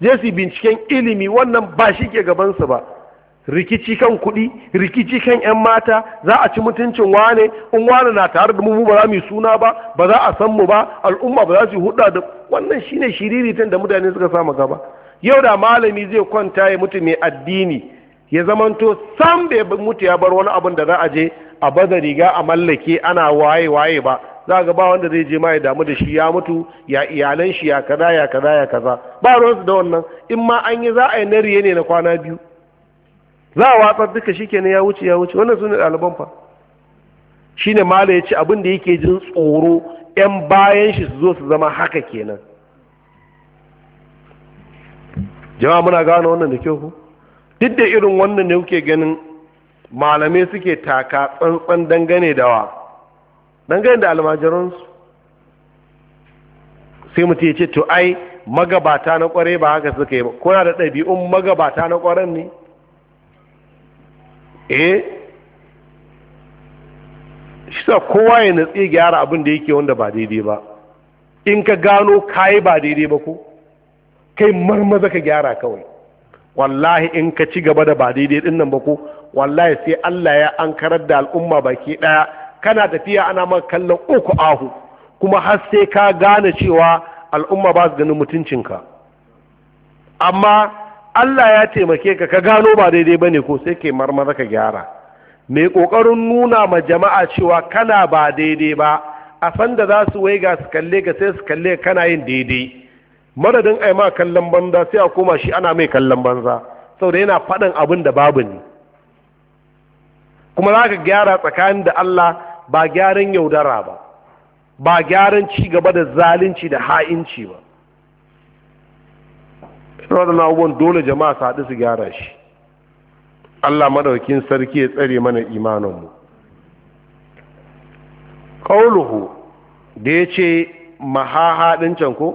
je su binciken ilimi wannan ba shi ke gabansu ba rikici kan kuɗi rikici kan 'yan mata za a ci mutuncin wane in wane na tare da mu ba za mu suna ba ba za a san mu ba al'umma ba za su huɗa da wannan shine shiriritan da mutane suka samu gaba yau da malami zai kwanta ya mutu mai addini ya zamanto san bai mutu ya bar wani abin da za a je a baza riga a mallake ana waye waye ba za ga ba wanda zai je ma ya damu da shi ya mutu ya iyalan shi ya kaza ya kaza ya kaza ba su da wannan in ma an yi za a yi na ne na kwana biyu za a watsar duka shi kenan ya wuce ya wuce wannan su ne ɗaliban fa shi ne mala ya ce abin da yake jin tsoro 'yan bayan shi su zo su zama haka kenan jama'a muna gane wannan da kyau ku duk da irin wannan ne kuke ganin malamai suke taka tsantsan dangane da wa dangane da almajiransu sai mutum ya ce to ai magabata na kware ba haka suka yi ba kuna da ɗabi'un magabata na kwaren ne eh shi sa kowa ya natsi gyara abin da yake wanda ba daidai ba in ka gano kayi ba daidai ba ko kai marmaza ka gyara kawai wallahi in ka ci gaba da ba daidai din nan ba ko wallahi sai Allah ya ankarar da al'umma baki ɗaya. kana tafiya ana maka kallon uku ahu kuma har sai ka gane cewa al'umma ba su ganin mutuncinka amma Allah ya taimake ka ka gano ba daidai bane ko sai ke marmara ka gyara mai kokarin nuna ma jama'a cewa kana ba daidai ba a san da za su waiga su kalle ka sai su kalle kana yin daidai madadin ai ma kallon banza sai a koma shi ana mai kallon banza saboda yana faɗin abin da babu ne kuma za ka gyara tsakanin da Allah ba gyaran yaudara ba ba gyaran ci gaba da zalunci da ha'inci ba ita waɗannan abubuwan dole jama'a su haɗu su gyara shi allah maɗaukin sarki ya tsare mana imaninmu ƙauluhu da ya ce mahaha ɗincan ko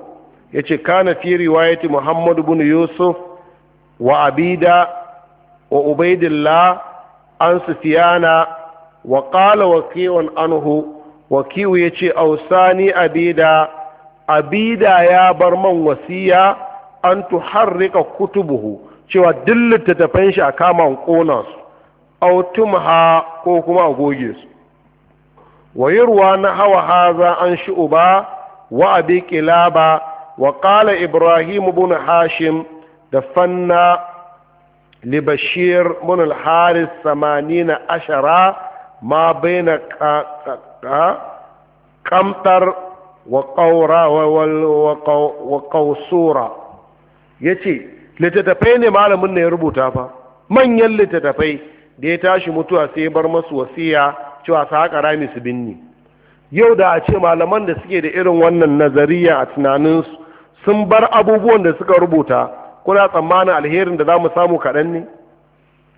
ya ce kana fi riwayati muhammadu bin yusuf wa abida wa ubaidillah an sufiyana wa qala waqi'un anhu ya yace ausani abida abida ya bar man wasiya an tuharrika kutubuhu cewa duk littattafan shi a kama ƙona su aw ha ko kuma a goge su wayarwa na hawa haza an shu'uba wa abi kilaba wa qala ibrahim ibn hashim da fanna libashir ibn al-haris 80 ashara ma baina kamtar wa ƙausura ya ce littattafai ne malamin na ya rubuta fa manyan littattafai da ya tashi mutuwa sai bar masu wasiya cewa su haka rami su binni yau da a ce malaman da suke da irin wannan nazariya a tunaninsu sun bar abubuwan da suka rubuta kuna tsammanin alherin da za mu samu kaɗan ne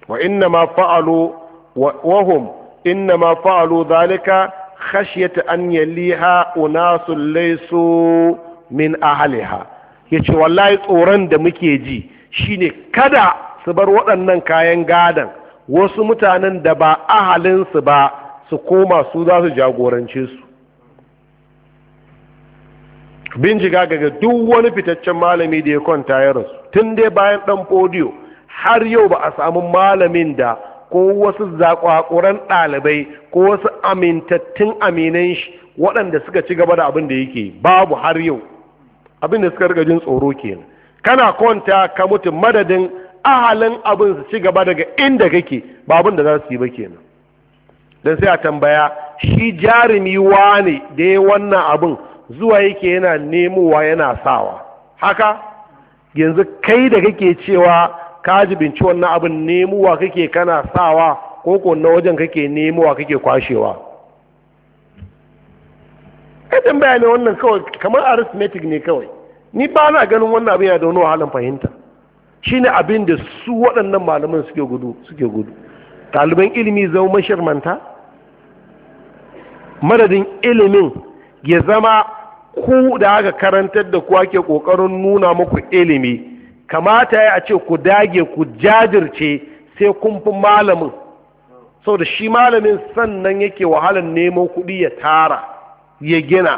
wa inna ma fa'alu wahum inna ma fa'alu zalika khashyata an yaliha unasul laysu min ahliha yace wallahi tsoron da muke ji shine kada su bar waɗannan kayan gadan wasu mutanen da ba ahalinsu ba su koma su zasu jagorance su bincika daga duk wani fitaccen malami da ya kwanta ya rasu tun dai bayan ɗan fodiyo har yau ba a samu malamin da ko wasu zakwakuran ɗalibai ko wasu amintattun aminan shi waɗanda suka ci gaba da abin da yake babu har yau abin da suka riga jin tsoro kenan kana kwanta ka mutu madadin ahalin abin su ci gaba daga inda kake ba abin da za su yi ba kenan don sai a tambaya shi jarumi wane da ya wannan abin zuwa yake yana nemowa yana sawa haka yanzu kai da kake cewa ka jibinci wannan abin nemuwa kake kana sawa ko ko wajen kake nemuwa kake kwashewa ɗan bayani wannan kawai kamar arithmetic ne kawai ni ba na ganin wannan abin ya da wani halin fahimta shine abin da su waɗannan malaman suke gudu suke gudu ɗaliban ilimi zama mashirmanta madadin ilimin ya zama ku da aka karantar da ku ke ƙoƙarin nuna muku ilimi kamata ya ce ku dage ku jajirce sai kun fi malamin da shi malamin sannan yake wahalar neman kuɗi ya tara ya gina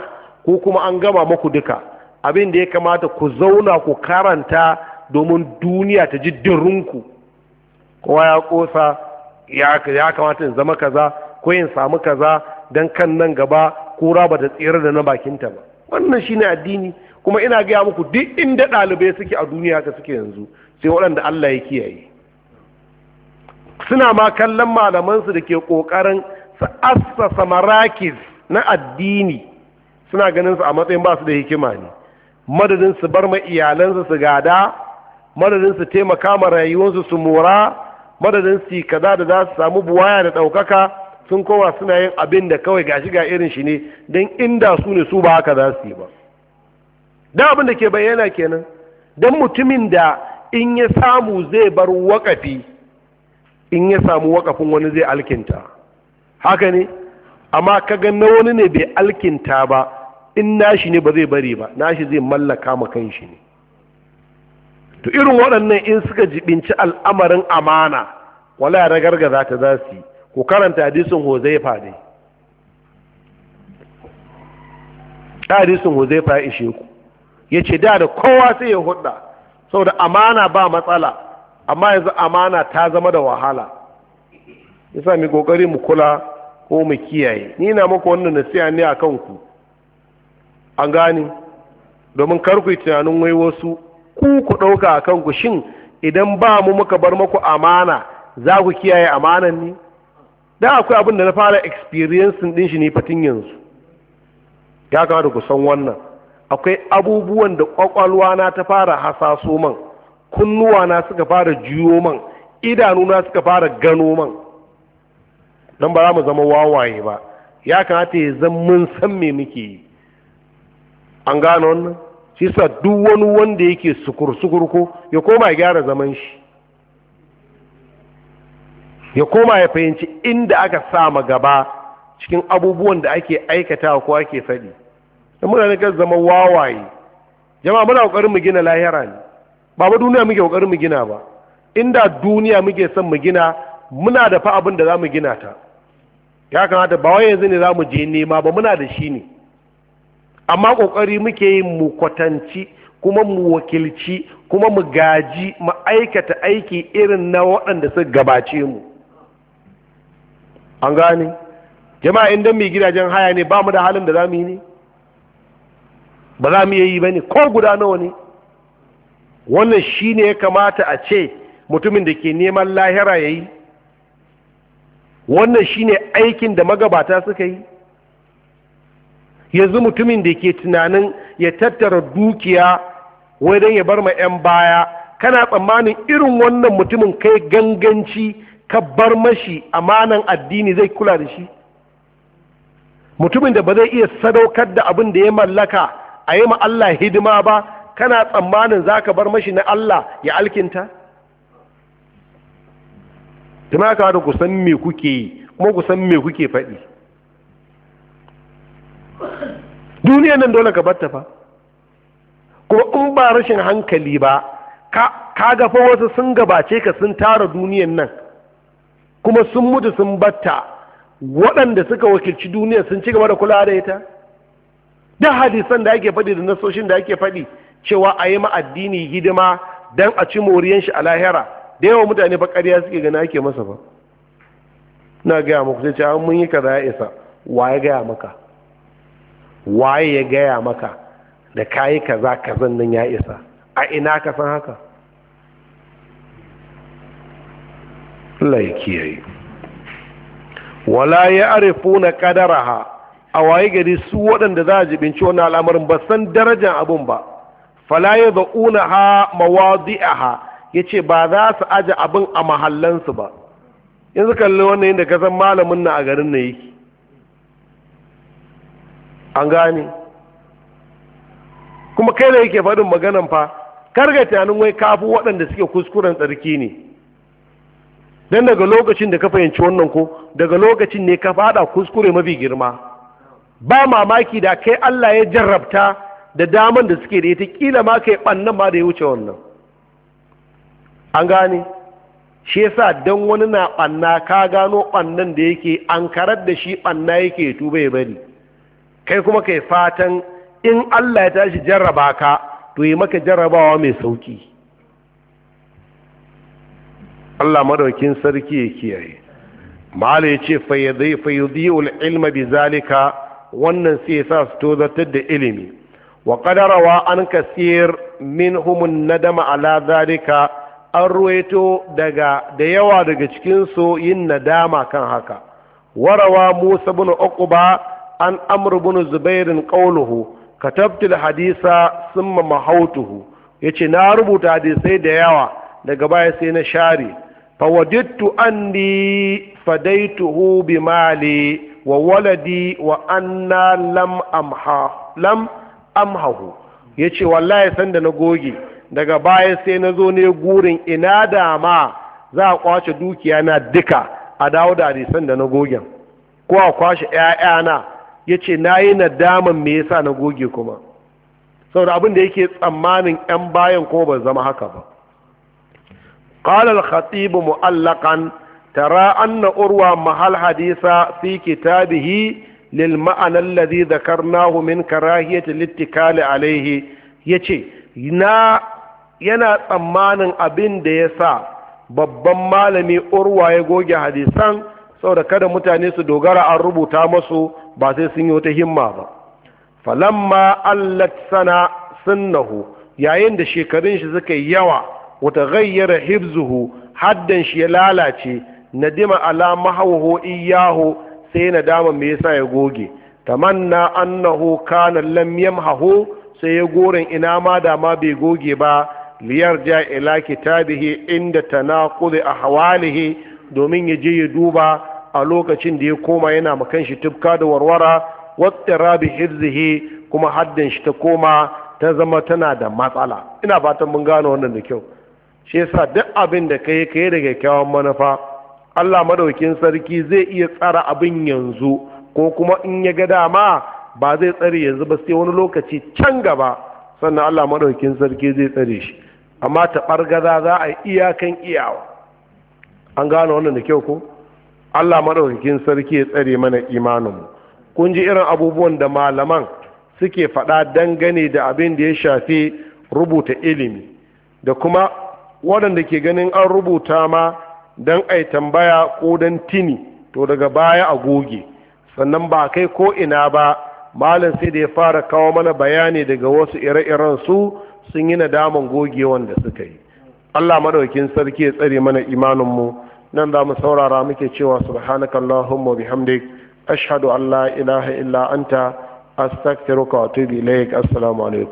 ko kuma an gama maku duka abin da ya kamata ku zauna ku karanta domin duniya ta ji dirinku kowa ya ƙosa ya kamata in zama kaza ko in samu kaza don kan nan gaba kura ba ta tsira da na bakinta ba wannan shine addini kuma ina gaya muku duk inda ɗalibai suke a duniya haka suke yanzu sai waɗanda Allah ya kiyaye suna ma kallon malamansu da ke ƙoƙarin su assasa marakis na addini suna ganin su a matsayin ba su da hikima ne madadin su bar ma iyalansu su gada madadin su taimaka ma rayuwarsu su mora madadin su kaza da za su samu buwaya da ɗaukaka sun kowa suna yin abin da kawai gashi ga irin shi ne don inda su ne su ba haka za su yi ba da abin da ke bayyana kenan don mutumin da in ya samu zai bar wakafi in ya samu wakafin wani zai alkinta haka ne amma kaga na wani ne bai alkinta ba in nashi ne ba zai bari ba nashi zai mallaka ma kanshi ne to irin waɗannan in suka jibinci al'amarin amana wala za ta za su yi ku karanta hadisin hozaifa ne hadisin hozaifa ya ishe ku ya ce da da kowa sai ya hudda saboda amana ba matsala amma yanzu amana ta zama da wahala yasa mu kokari mu kula ko mu kiyaye ni na muku wannan nasiha ne akan ku an gane domin kar ku tunanin wai wasu ku ku dauka a ku shin idan ba mu muka bar muku amana za ku kiyaye amanan ni da akwai abin da na fara experiencing din shi ne fatin yanzu ya kamata ku san wannan akwai abubuwan da ƙwaƙwalwa na ta fara hasaso man kunnuwa suka fara juyo man idanuna na suka fara gano man don ba za mu zama wawaye ba ya kamata ya zan mun san me muke yi an gano wannan shi sa duk wani wanda yake sukur ko ya koma ya gyara zaman shi ya koma ya fahimci inda aka sa ma gaba cikin abubuwan da ake aikata ko ake faɗi da ne kan zama wawaye jama'a muna kokarin mu gina lahira ne ba ba duniya muke kokarin mu gina ba inda duniya muke son mu gina muna da fa abin da zamu gina ta ya kamata ba wai yanzu ne za mu je nema ba muna da shi ne amma kokari muke yi mu kwatanci kuma mu wakilci kuma mu gaji mu aikata aiki irin na waɗanda suka gabace mu an gane jama'a inda mai gidajen haya ne ba mu da halin da za yi ne ba za mu yi ba ne ko guda nawa ne wannan shi ne ya kamata a ce mutumin da ke neman lahira ya yi wannan shi ne aikin da magabata suka yi yanzu mutumin da ke tunanin ya tattara dukiya wai don ya bar ma 'yan baya kana tsammanin irin wannan mutumin kai ganganci ka bar mashi amanan addini zai kula da shi mutumin da ba zai iya sadaukar da abin da ya mallaka a yi ma Allah hidima ba kana tsammanin za ka bar mashi na Allah ya alkinta? Tuna ka da kusan me kuke yi, kuma kusan me kuke faɗi. Duniyan nan dole ka batta fa. Kuma in ba rashin hankali ba, ka gafa wasu sun gabace ka sun tara duniyan nan, kuma sun mutu sun batta waɗanda suka wakilci duniya sun ci gaba da kula da ita? duk hadisan da ake faɗi da nasoshin da ake faɗi cewa a yi ma addini hidima don a ci moriyan shi a lahira da yawa mutane fa ƙarya suke gani ake masa ba na gaya muku sai cewa mun yi kaza ya isa waye gaya maka waye ya gaya maka da kayi kaza kazan nan ya isa a ina ka san haka Allah ya kiyaye wala ya na kadaraha a waye gari su waɗanda za a jibinci wani al'amarin ba san darajar abin ba fala da una ha ha ya ce ba za su aje abin a mahallansu ba yanzu kalli wannan yadda ka san malamin na a garin na yi. an gane kuma kai da yake faɗin maganan fa karga tunanin wai kafin waɗanda suke kuskuren tsarki ne Dan daga lokacin da ka fahimci wannan ko daga lokacin ne ka faɗa kuskure mafi girma ba mamaki da kai Allah ya jarrabta da daman da suke da ita kila ma kai bannan ma da ya wuce wannan an gane shi yasa dan wani na banna ka gano bannan da yake an karar da shi banna yake tuba ya bari kai kuma kai fatan in Allah ya tashi jarraba ka to yi maka jarrabawa mai sauki Allah madaukin sarki ya kiyaye mala yace fayyadhi ilma bi bizalika wannan sai sa su tozartar da ilimi wa qadarawa an kasir minhum nadama ala zalika an ruwaito daga da yawa daga cikin su yin nadama kan haka warawa Musa bin Uqba an Amr bin Zubair qawluhu katabtu hadisa thumma mahautuhu yace na rubuta hadisai da yawa daga baya sai na share fawadittu anni fadaituhu bi mali wa waladi wa anna lam amha lam amhahu yace wallahi san da na goge daga baya sai na zo ne gurin ina da ma za a kwace dukiya na duka a dawo da san da na goge ko a kwashe ƴaƴa na yace na yi nadaman me yasa na goge kuma saboda abin da yake tsammanin ‘yan bayan ko ba zama haka ba ƙalar khatib mu'allakan tara anna urwa mahal hadisa fi kitabihi lil ma'ana alladhi dhakarnahu min karahiyati littikali alaihi yace yana tsammanin abin da ya sa babban malami urwa ya goge hadisan saboda kada mutane su dogara an rubuta masu ba sai sun yi wata himma ba falamma allat sana sunnahu yayin da shekarun shi suka yawa wata gayyara hibzuhu haddan shi ya lalace nadima ala mahawhu iyahu sai na dama me yasa ya goge tamanna annahu kana lam yamhahu sai ya goren ina ma da ma bai goge ba Liyar ja ila kitabihi inda tanaqudi ahwalihi domin ya je ya duba a lokacin da ya koma yana makan shi tufka da warwara wattirabi hizzihi kuma haddin shi ta koma ta zama tana da matsala ina fatan mun gano wannan da kyau shi yasa duk abin da kai kai da kyakkyawan manufa Allah madaukin sarki zai iya tsara abin yanzu ko kuma in ya ga dama ba zai tsare yanzu ba sai wani lokaci can gaba sannan Allah madaukin sarki zai tsare shi amma ta bargaza za a iyakan iyawa an gano wannan da kyau ko Allah madaukin sarki ya tsare mana imanin mu kun ji irin abubuwan da malaman suke faɗa dangane da abin da ya shafi rubuta ilimi da kuma waɗanda ke ganin an rubuta ma don ai tambaya ko don tini to daga baya a goge sannan ba kai ko ina ba malam sai da ya fara kawo mana bayani daga wasu ire-iren su sun yi nadaman goge wanda suka yi Allah maɗaukin sarki ya tsare mana imanin mu nan za mu saurara muke cewa subhanaka allahumma bihamdik ashhadu an la ilaha illa anta astaghfiruka wa atubu ilaik assalamu alaikum